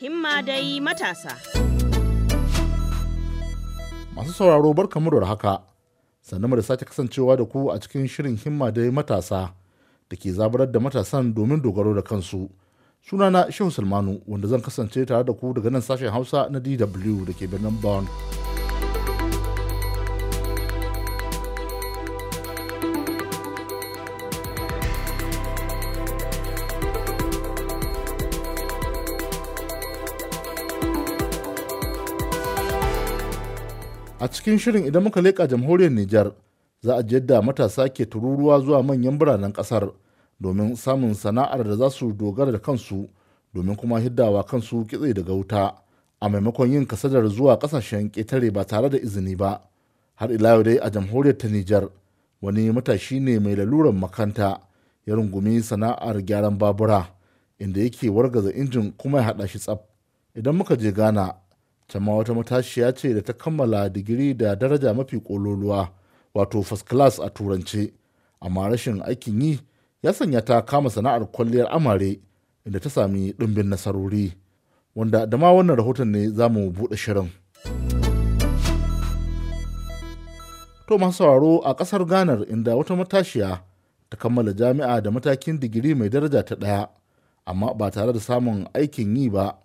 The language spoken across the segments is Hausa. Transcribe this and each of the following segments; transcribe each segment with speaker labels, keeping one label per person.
Speaker 1: himma dai matasa.
Speaker 2: Masu sauraro kamar da haka, sannan da sake kasancewa da ku a cikin shirin himma dai matasa da ke zabarar da matasan domin dogaro da kansu. Sunana Shehu Salmanu wanda zan kasance tare da ku daga nan sashen Hausa na DW da ke birnin Bonn. A cikin shirin idan muka leƙa jamhuriyar Nijar, za a yadda matasa ke tururuwa zuwa manyan biranen ƙasar domin samun sana'ar da za su dogara da kansu domin kuma hiddawa kansu kitse daga wuta a maimakon yin kasadar zuwa ƙasashen ƙetare ba tare da izini ba. Har ila yau dai a jamhuriyar ta Nijar, wani matashi ne mai laluran makanta ya rungumi sana'ar gyaran babura inda yake wargaza injin kuma ya haɗa shi tsaf. Idan muka je Ghana, tamma wata matashiya ce da ta kammala digiri da daraja mafi kololuwa wato first class a turance amma rashin aikin yi ya sanya ta kama sana'ar kwalliyar amare inda ta sami ɗimbin nasarori wanda da ma wannan rahoton ne za mu buɗe shirin to masu sauraro a ƙasar ganar inda wata matashiya ta kammala jami'a da matakin digiri mai daraja ta ɗaya amma ba tare da samun aikin yi ba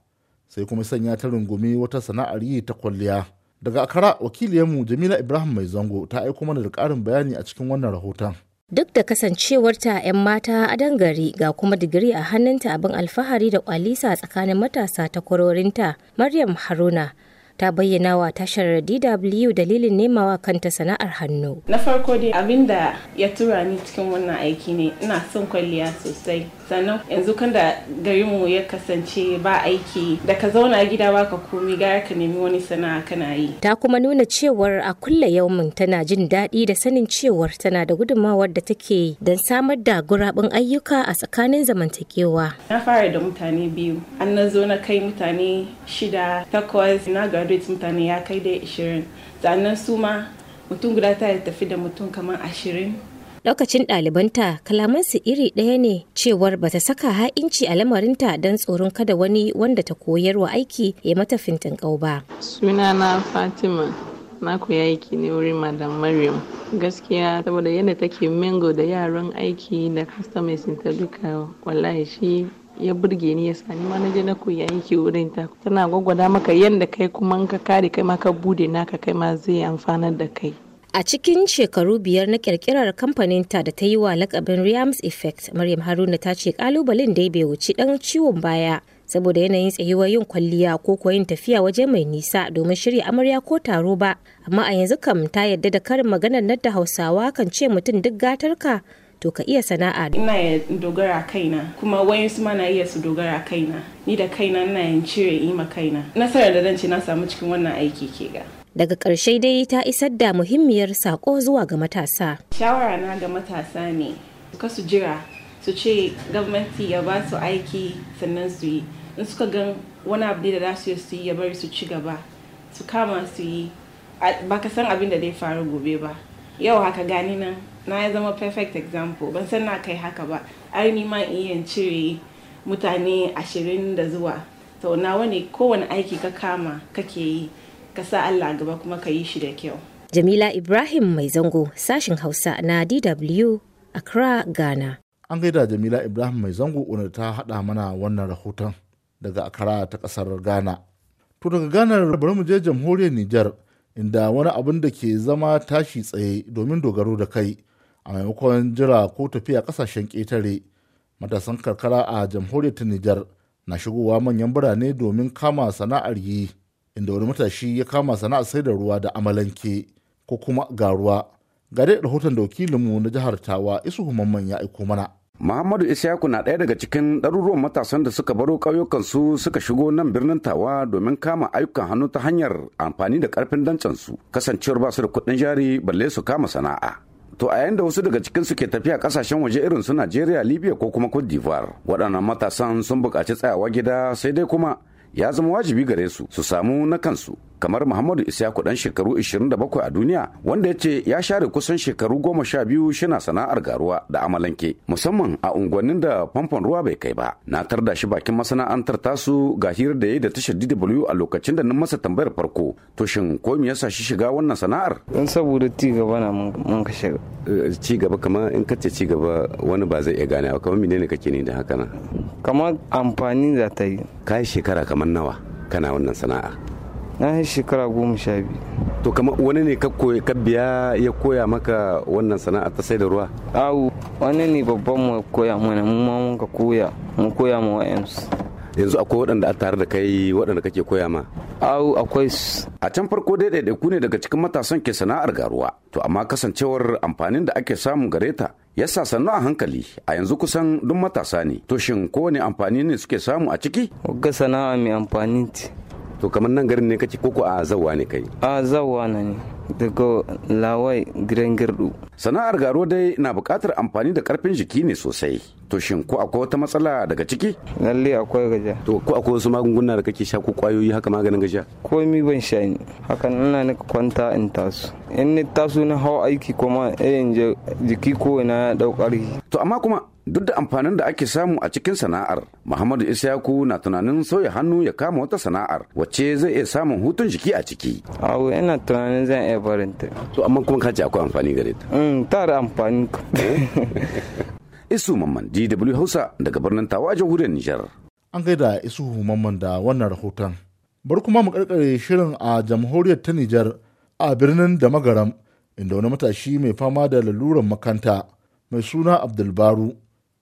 Speaker 2: sai kuma sanya ta rungumi wata sana'ar yi ta kwalliya daga akara wakiliyarmu jamila ibrahim mai zango ta aiko mana da ƙarin bayani a cikin wannan rahoton
Speaker 1: Duk da kasancewarta 'yan mata a dangare ga kuma digiri a hannunta abin alfahari da kwalisa tsakanin matasa ta kwarorinta, Maryam Haruna ta bayyana wa tashar DW dalilin nemawa kanta sana'ar hannu.
Speaker 3: Na farko dai da ya tura ni cikin wannan aiki ne ina son kwalliya sosai. Sannan yanzu kan da garinmu ya kasance ba aiki da ka zauna gida ba ka komi gara ka nemi wani sana'a kana yi.
Speaker 1: Ta kuma nuna cewar a kulle yaumin tana jin daɗi da sanin cewar tana da gudummawar da take don samar da gurabin ayyuka a tsakanin zamantakewa.
Speaker 3: Na fara da mutane biyu, an na zo na kai mutane shida takwas na graduate mutane ya kai da 20 sannan su ma mutum guda ta tafi da mutum kamar ashirin.
Speaker 1: lokacin ɗalibanta kalamansu iri ɗaya ne cewar ba ta saka ha'inci a lamarinta don tsoron kada wani wanda ta koyarwa aiki ya mata fintin ƙau ba. Sunana Fatima na koya
Speaker 3: aiki ne wurin Madam Maryam. Gaskiya saboda yadda take mingo da yaran aiki da customers ta duka wallahi shi ya burge ni ya sani ma na je na koyi
Speaker 1: wurin ta tana gwagwada maka yadda kai kuma ka kare kai ma ka bude naka kai ma zai amfanar da kai a cikin shekaru biyar na kirkirar ta da ta yi wa lakabin Riams Effect, Maryam Haruna ta ce kalubalen dai bai wuci dan ciwon baya saboda yanayin tsayuwar yin kwalliya ko kuwa yin tafiya waje mai nisa domin shirya amarya ko taro ba amma a yanzu kam ta yadda da karin maganar nan da hausawa kan ce mutum duk gatar ka. to ka iya sana'a ina
Speaker 3: ya dogara kaina kuma wani su na iya su dogara kaina ni da kaina ina yin cire ima kaina nasarar da zan ce na samu cikin wannan aiki ke ga
Speaker 1: daga ƙarshe dai ta isar da muhimmiyar sako zuwa ga matasa
Speaker 3: shawara na ga matasa ne ka su jira su ce gwamnati ya ba su aiki sannan su yi in suka gan wani abu da za su yi su yi ya bari su ci gaba su kama su yi ba ka san abin da zai faru gobe ba yau haka gani nan na ya zama perfect example ban san na kai haka ba ai ni ma iya cire mutane ashirin da zuwa to nawa ne kowane aiki ka kama kake yi ka sa Allah gaba kuma ka yi shi da kyau
Speaker 1: Jamila Ibrahim mai zango sashin Hausa na DW Accra Ghana
Speaker 2: An gaida Jamila Ibrahim mai zango wanda ta hada mana wannan rahoton daga Accra ta kasar Ghana to daga Ghana bari mu je jamhuriyar niger inda wani abin da ke zama tashi tsaye domin dogaro da kai a maimakon jira ko tafiya kasashen ƙetare matasan karkara a jamhuriyar nijar na shigowa manyan birane domin kama sana'ar yi inda wani matashi ya kama sana'ar sai da ruwa da amalanke ko kuma garuwa ga dai rahoton da wakilinmu na jihar tawa isu humamman ya aiko mana
Speaker 4: Muhammadu Ishaku na ɗaya daga cikin ɗaruruwan matasan da suka baro ƙauyukansu suka shigo nan birnin Tawa domin kama ayyukan hannu ta hanyar amfani da ƙarfin dancansu kasancewar ba su da kuɗin jari balle su kama sana'a. to a yayin wasu daga cikin su tafiya kasashen waje irin su Najeriya Libya ko kuma Cote d'Ivoire waɗannan matasan sun buƙaci tsayawa gida sai dai kuma ya zama wajibi gare su su samu na kansu kamar Muhammadu Isyaku dan shekaru 27 a duniya wanda ya ce ya share kusan shekaru goma sha biyu shina sana'ar garuwa da amalanke musamman a unguwannin da famfon ruwa bai kai ba na tarda shi bakin masana'antar tasu ga hirar da ya da tashar DW a lokacin da nan masa tambayar farko to shin ko me yasa shi shiga wannan sana'ar dan saboda ci gaba na mun ka shiga eh, ci gaba kamar in ce ci gaba wani ba zai iya gane ba kamar menene kake ne da haka na kamar amfani da ta yi kai shekara kamar nawa kana wannan sana'a na yi shekara goma sha biyu to kama wani ne ka ka biya ya koya maka wannan sana'a ta sai da ruwa awu wani ne babban mu koya mana mu ma mun ka koya mu koya ma wa'ansu yanzu akwai waɗanda a tare da kai waɗanda kake koya ma? awu akwai A can farko dai ku ne daga cikin matasan ke sana'ar garuwa, to amma kasancewar amfanin da ake samu gare ta ya sa sannu a hankali a yanzu kusan duk matasa ne. To shin kowane amfani ne suke samu a ciki? ga sana'a mai amfani ce. to kamar nan garin ne kake koko a zawa ne kai a zawa na ne daga lawai giren girdu sana'ar garo dai na buƙatar amfani da karfin jiki ne sosai to shin ko akwai wata matsala daga ciki lalle akwai gaja to ko akwai wasu magunguna da kake sha ko kwayoyi haka maganin gaja komi ban sha ni hakan ina ni kwanta in tasu in ni tasu na hawa aiki kuma je jiki ko na dau ƙarfi to amma kuma duk da amfanin da ake samu a cikin sana'ar muhammadu isyaku na tunanin sauya hannu ya kama wata sana'ar wacce zai iya samun hutun jiki a ciki
Speaker 5: awo ina tunanin zan iya
Speaker 4: barinta to amma kuma kace akwai amfani gare ta mm, ta da amfani eh? Isu Mamman DW Hausa daga birnin Tawa a jamhuriyar Nijar.
Speaker 2: An gaida Isu Mamman da wannan rahoton. bar kuma mu karkare shirin a jamhuriyar ta Nijar a birnin da magaram inda wani matashi mai fama da laluran makanta mai suna Abdulbaru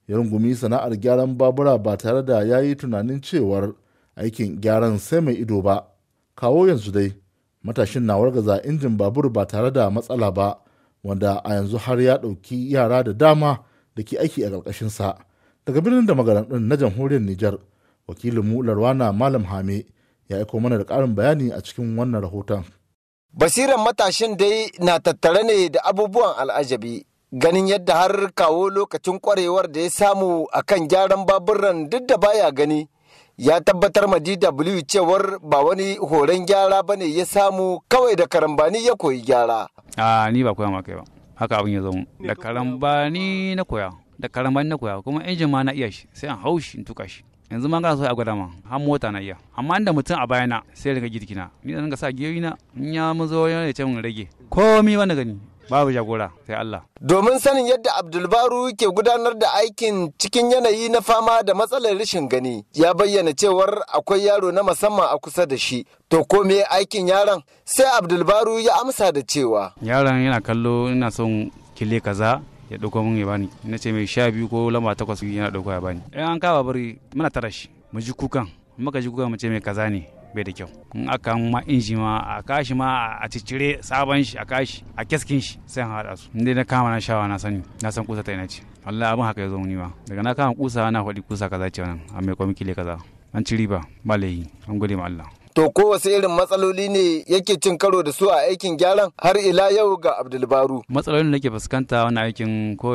Speaker 2: ya rungumi sana'ar gyaran babura ba tare da ya yi tunanin cewar aikin gyaran sai mai ido ba kawo yanzu dai matashin na wargaza injin babur ba tare da matsala ba wanda a yanzu har ya ɗauki yara da dama da ke aiki a ƙarƙashin sa daga birnin da magaran ɗin na jamhuriyar Nijar wakilin mu Larwana Malam Hame ya aiko mana da ƙarin bayani a cikin wannan rahoton.
Speaker 5: Basiran matashin dai na tattare ne da abubuwan al'ajabi ganin yadda har kawo lokacin kwarewar da ya samu a kan gyaran baburan duk da baya gani ya tabbatar ma DW cewar ba wani horon gyara bane ya samu kawai da karambani ya koyi gyara.
Speaker 6: A ni ba koya ma kai ba. haka abin ya zo da karambani na koya da karambani na koya kuma injin ma na iya shi sai an hau shi in tuka shi yanzu ma ga so a gwada ma har mota na iya amma inda mutum a bayana sai riga girki na ni da nan ga sa giyoyi na in ya mu zo yana ce mun rage komi wani gani babu jagora sai Allah.
Speaker 5: Domin sanin yadda Abdulbaru ke gudanar da aikin cikin yanayi na fama da matsalar rashin gani ya bayyana cewar akwai yaro na musamman a kusa da shi. To ko me aikin yaron sai Abdulbaru ya amsa da cewa.
Speaker 6: Yaron yana kallo ina son kile kaza ya ɗauko min ya bani na ce mai sha biyu ko lamba takwas yana ɗauko ya bani. ina an kawo bari muna tara shi mu ji kukan muka ji kukan mu ce mai kaza ne bai da kyau in aka ma inji ma a kashi ma a cicire sabon shi a kashi a keskin shi sai haɗa su inda na kama na shawa na sani na san kusa ta ina ce wallahi abin haka ya zo muni ba daga na kama kusa na faɗi kusa kaza ce nan a mai kwamiki kaza an ci riba ba laihi an gode ma Allah
Speaker 5: To ko wasu irin matsaloli ne yake cin karo da su a aikin gyaran har ila yau ga Abdulbaru.
Speaker 6: Matsalolin da ke fuskanta wani aikin ko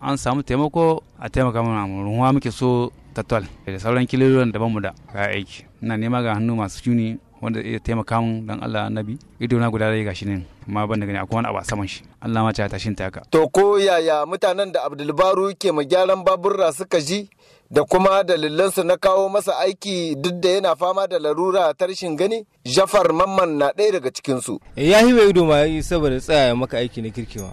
Speaker 6: an samu taimako a taimaka mana ruwa muke so tattal da sauran kiliruwan da bamu da ka aiki. Ina nema ga hannu masu juni wanda ya taimaka mun dan Allah annabi ido na guda dai gashi ne amma ban da gani akwai wani abu a saman shi Allah ma ta tashin ta
Speaker 5: to ko yaya mutanen da Abdulbaru ke ma gyaran baburra suka ji da kuma dalilansu na kawo masa aiki duk da yana fama da larura ta rashin gani jafar mamman na ɗaya daga cikinsu
Speaker 4: ya yi mai ido ma saboda tsaya maka aiki na kirkewa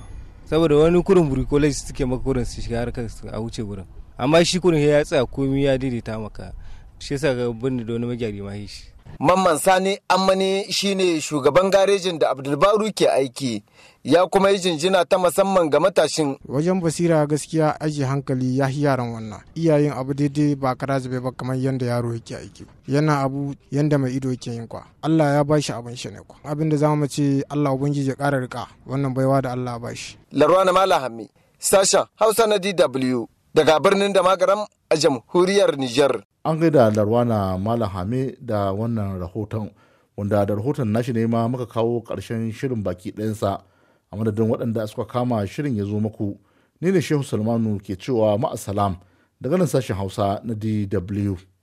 Speaker 4: saboda wani kurin burikolaji suke maka kurin su shiga harkar su a wuce wurin amma shi kurin ya tsaya komi ya daidaita maka shi yasa ga bin da wani magyari
Speaker 5: ma shi Mamman Sani Ammani shine shugaban garejin da Abdulbaru ke aiki ya kuma yi jinjina ta musamman ga matashin. Wajen basira gaskiya aji hankali ya yi yaran wannan. Iyayen abu daidai ba kara zube ba kamar yadda yaro yake aiki. Yana abu yadda mai ido yake yin kwa. Allah ya bashi abin shi ne kwa. Abin da zamu ce Allah ubangiji ya kara rika wannan baiwa da Allah ya bashi. Larwana Malahami, sashen Hausa na DW daga birnin da magaram a jamhuriyar Nijar.
Speaker 2: An gaida Larwana Malam Hame da wannan rahoton wanda da rahoton nashi ne ma muka kawo karshen shirin baki ɗayansa a madadin waɗanda suka kama shirin ya zo muku. Ni ne Shehu Salmanu ke cewa ma'asalam daga nan sashen Hausa na DW.